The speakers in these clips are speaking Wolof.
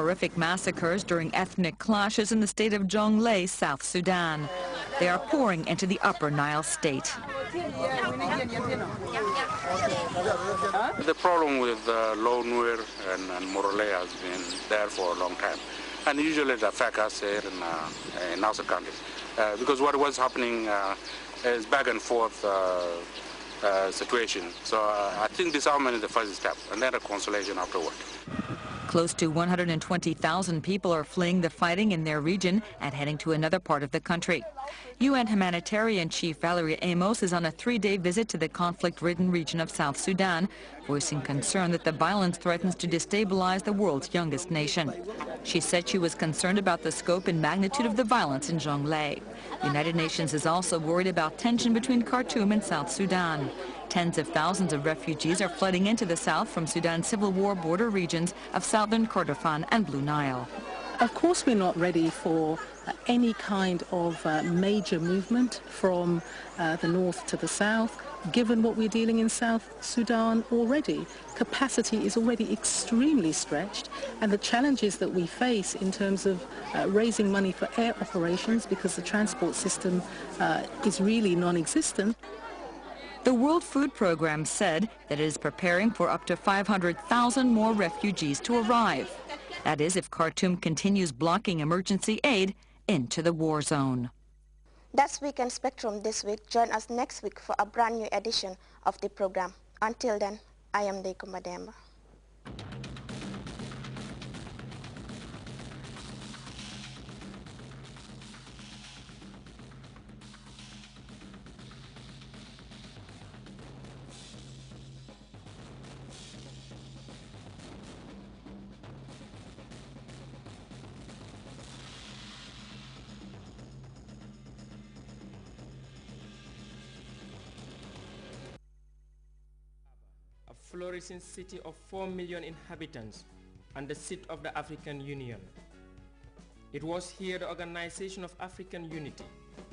horrific massacres during ethnic clashes in the state of Jonglei, South Sudan. They are pouring into the upper Nile state. The problem with uh, Low Nuer and, and has been there for a long time. And usually it affects us here in, uh, in our countries. Uh, because what was happening uh, is back and forth uh, uh, situation. So uh, I think disarmament is the first step, and then consolation afterward. Close to 120,000 people are fleeing the fighting in their region and heading to another part of the country. UN Humanitarian Chief Valerie Amos is on a three-day visit to the conflict-ridden region of South Sudan, voicing concern that the violence threatens to destabilize the world's youngest nation. She said she was concerned about the scope and magnitude of the violence in Jonglei. The United Nations is also worried about tension between Khartoum and South Sudan. Tens of thousands of refugees are flooding into the south from Sudan's civil war border regions of southern Kordofan and Blue Nile. Of course we're not ready for uh, any kind of uh, major movement from uh, the north to the south, given what we're dealing in South Sudan already. Capacity is already extremely stretched, and the challenges that we face in terms of uh, raising money for air operations, because the transport system uh, is really non-existent, the World Food Program said that it is preparing for up to 500,000 more refugees to arrive. That is if Khartoum continues blocking emergency aid into the war zone. That's Weekend Spectrum this week. Join us next week for a brand new edition of the program. Until then, I am Deiko Mademba. flourishing city of 4 million inhabitants and the seat of the African Union. It was here the Organization of African Unity,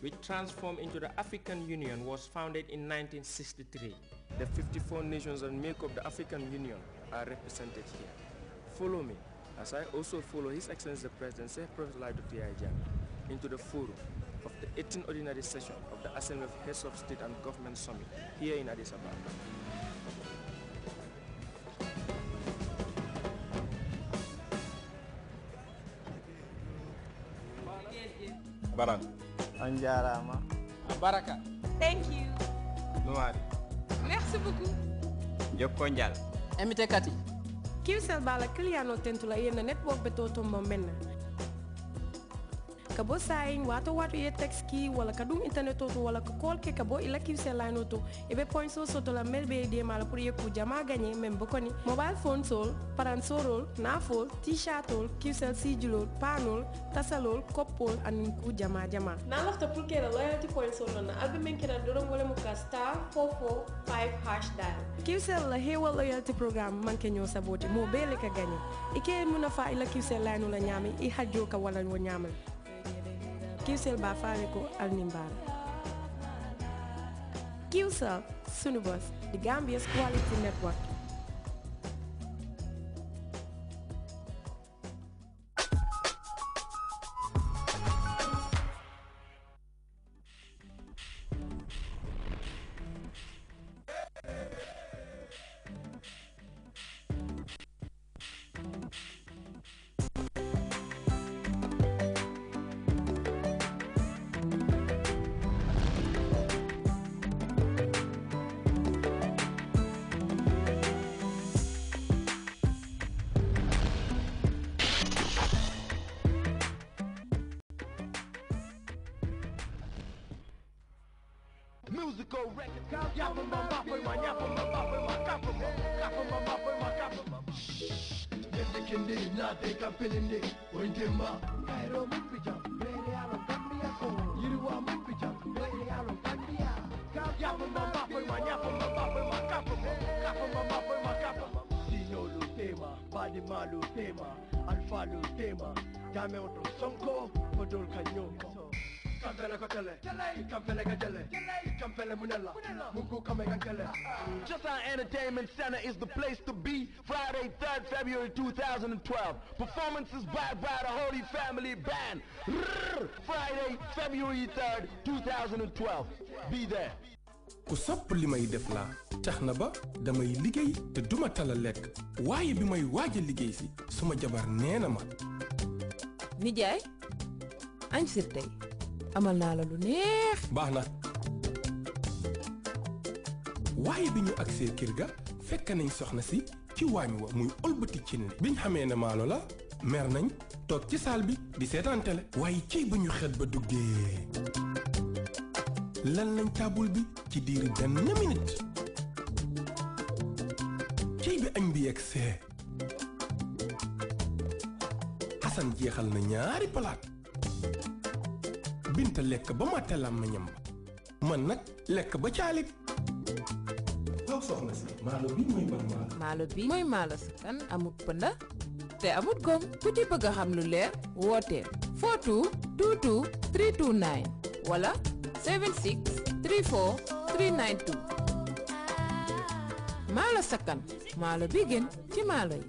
which transformed into the African Union, was founded in 1963. The 54 nations that make up the African Union are represented here. Follow me, as I also follow His Excellency the President, Sir President Light of the into the forum of the 18th ordinary session of the Assembly of Heads of State and Government Summit here in Addis Ababa. baran on a baraka thank you nowaari merci beaucoup jokko njal invité kati kiwsel bala kiliyano tentula yenna net ɓoɓɓe to tombo menna ka bo sayin wato ka dum internet to wala ka call la mel be de mala pour ye ku jama gagner même bo koni na lafta pour ke la loyalty point sol na albe men mu ka ila kisel line la nyami i hajjo ka wala kiwsel ba faare ko alnimbara kiwsel sunu bos the Gambia's quality network indi naate kappilindi ointemba kayro mumpijam bere alo gambia ko yirwa mumpijam bere alo gambia yapo mamba boy ma yapo mamba boy ma kapo kapo mamba boy ma kapo dino lu tema badi malu tema alfa lu tema jame otro sonko podol kanyo Kampele ko tele Kampele ka jele Kampele munela Mungu kame kankele Just Entertainment ku sopp li may def la tax na ba damay liggéey te duma tala waaye bi may waaj a liggéey si suma jabar nee na ma nijaay añ sir amal naa la lu neex. baax na waaye bi ñu agsee kër ga fekk nañ soxna si ci waañ wa muy ëlbati cin li biñ xamee ne maalo la mer nañ toog ci saal bi di seetaan télé waaye ci bu ñu xet ba duggee lan lañ taabul bi ci diiri benn minute ci bi añ bi yegsee Xasan jeexal na ñaari palaat binta lekk ba matta làmmiñam ba man nag lekk ba caalit yow soxna si maalo bi mooy ban maalo sa bi mooy maalo si kan amut pënda te amut gom ku ci bëgg a xam lu leer wooteel 42 22 329 wala 76 34 392 maalo bi gën ci maalo yi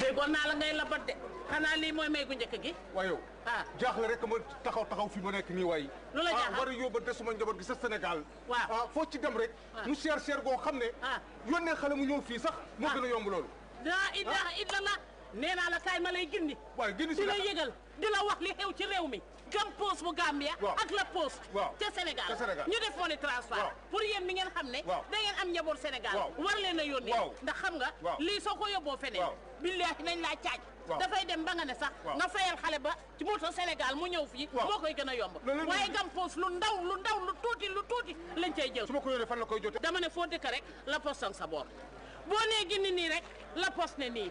déggoon naa la ngay labat de xanaa lii mooy may gu njëkk gi waayow ah jaaxle rek ma taxaw taxaw fi ma nekk nii way lu la ah, jaaxal war a yóbbante suma njaboot gi sa Sénégal waaw ah foo ci dem rek ah. mu cher cher goo xam ne ah. yónnee xale mu ñëw fii sax moo gën a yomb loolu laa ilaha illallah nee naa la kaay ma lay gindi. waaye gindi si la di la yëgal di wax li xew ci réew mi. gam poste bu Gambia. ak la poste. waaw ca Sénégal ñu def foni transfert. pour yéen mi ngeen xam ne. da ngeen am njaboot Sénégal. war leen a yónnee. ndax xam nga. lii soo ko yóbboo feneen. billaahi nañ laa caaj. dafay dem ba nga ne sax. nga fayal xale ba ci moto Sénégal mu ñëw fii. moo koy gën a yomb. waaye gam poste lu ndaw lu ndaw lu tuuti lu tuuti lañ cay jël. su ma ko yónnee fan la koy jotee. dama ne foo dëkk rek la poste sa boor boo nee gindi nii rek la poste ne nii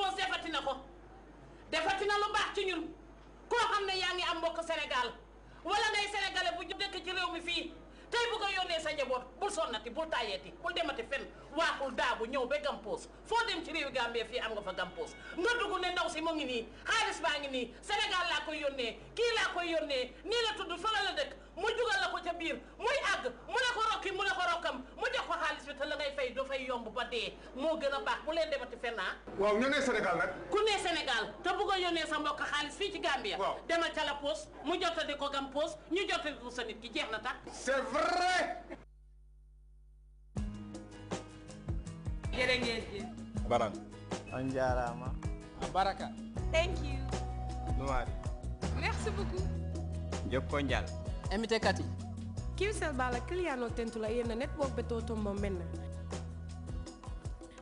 impose defati na ko defati na lu baax ci ñun koo xam ne yaa ngi am mbokk senegal wala ngay sénégalais bu dëkk ci réew mi fii tey bu ko yónnee sa njaboot bul sonnati bul tàyyeeti bul demati fenn waaxul daabu ñëw ba gampoos foo dem ci réewi Gambie fii am nga fa gampoos nga dugg ne ndaw si mu ngi nii xaalis baa ngi nii Sénégal laa koy yónnee kii laa koy yónnee nii la tudd fala la dëkk mu jugal la ko ca biir muy àgg mu ne ko rokki mu ne ko rokkam mu jox ko xaalis bi te la ngay fay do fay yomb ba dee moo gën a baax bu leen demati fenn ah. waaw ñu ne Sénégal nag ku ne Sénégal te bëgg a yónnee sa mbokk xaalis fii ci Gambia demal ca la poos mu jotadi ko gam gampoos ñu jotadi ko sa nit ki jeex na tax c'est vrai jërë ngeen jëf. network be to tombo menna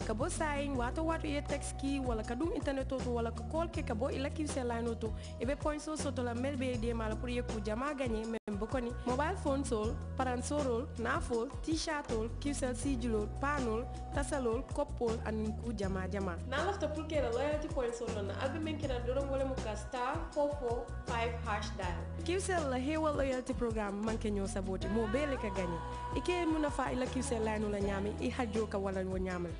ka bo sayin wato wato ye text ki wala ka dum internet to ka call ke ka bo ila kiwsel lano to e be la mel be de mala pour ye ku jama bokoni mobile phone sol paransorol nafol tishatol kisel sijulol panol tasalol koppol anin ku jama jama na lafta pulkera loyalty points sol na albi men kena dorom wala muka star 445 la hewa loyalty program manke nyo saboti mo bele ka gani ike munafa ila kisel lainu la nyami i hajo ka wala wo nyamal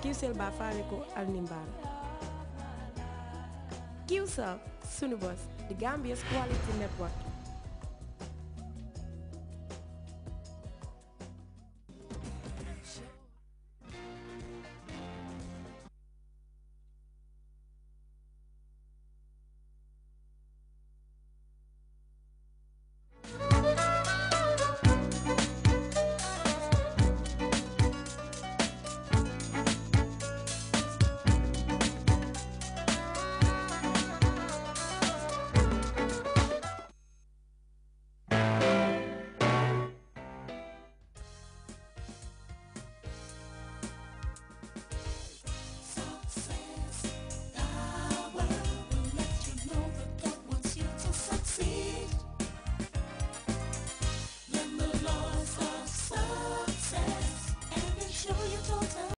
kiwsel ba faale ko alnimbal kiwsel sunu quality network